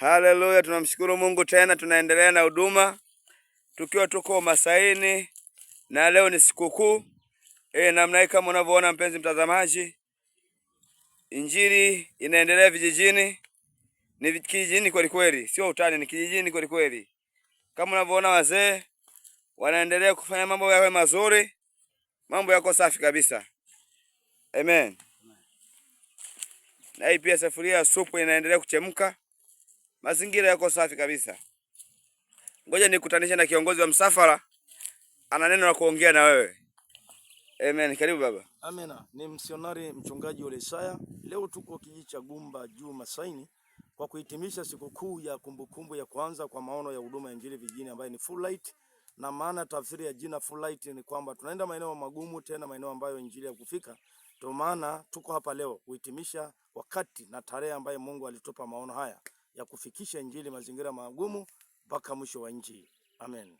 Haleluya, tunamshukuru Mungu tena, tunaendelea na huduma tukiwa tuko Masaini na leo ni sikukuu e, namna hii kama unavyoona mpenzi mtazamaji, injili inaendelea vijijini, ni kijijini kweli kweli, sio utani, ni kijijini kweli kweli. Kama unavyoona wazee wanaendelea kufanya mambo yawe mazuri, mambo yako safi kabisa. Amen. Na hii pia sufuria ya supu inaendelea kuchemka. Mazingira yako safi kabisa. Ngoja nikutanishe na kiongozi wa msafara, ana neno la kuongea na wewe. Amen. Karibu baba. Amena. Ni msionari mchungaji Ole Isaya. Leo tuko kijiji cha Gumba Juu Masaini kwa kuhitimisha sikukuu ya kumbukumbu ya kwanza kwa maono ya huduma ya injili vijijini ambayo ni Full Light, na maana tafsiri ya jina Full Light ni kwamba tunaenda maeneo magumu, tena maeneo ambayo injili ya kufika. Ndio maana tuko hapa leo kuhitimisha wakati na tarehe ambayo Mungu alitupa maono haya ya kufikisha injili mazingira magumu mpaka mwisho wa nchi. Amen.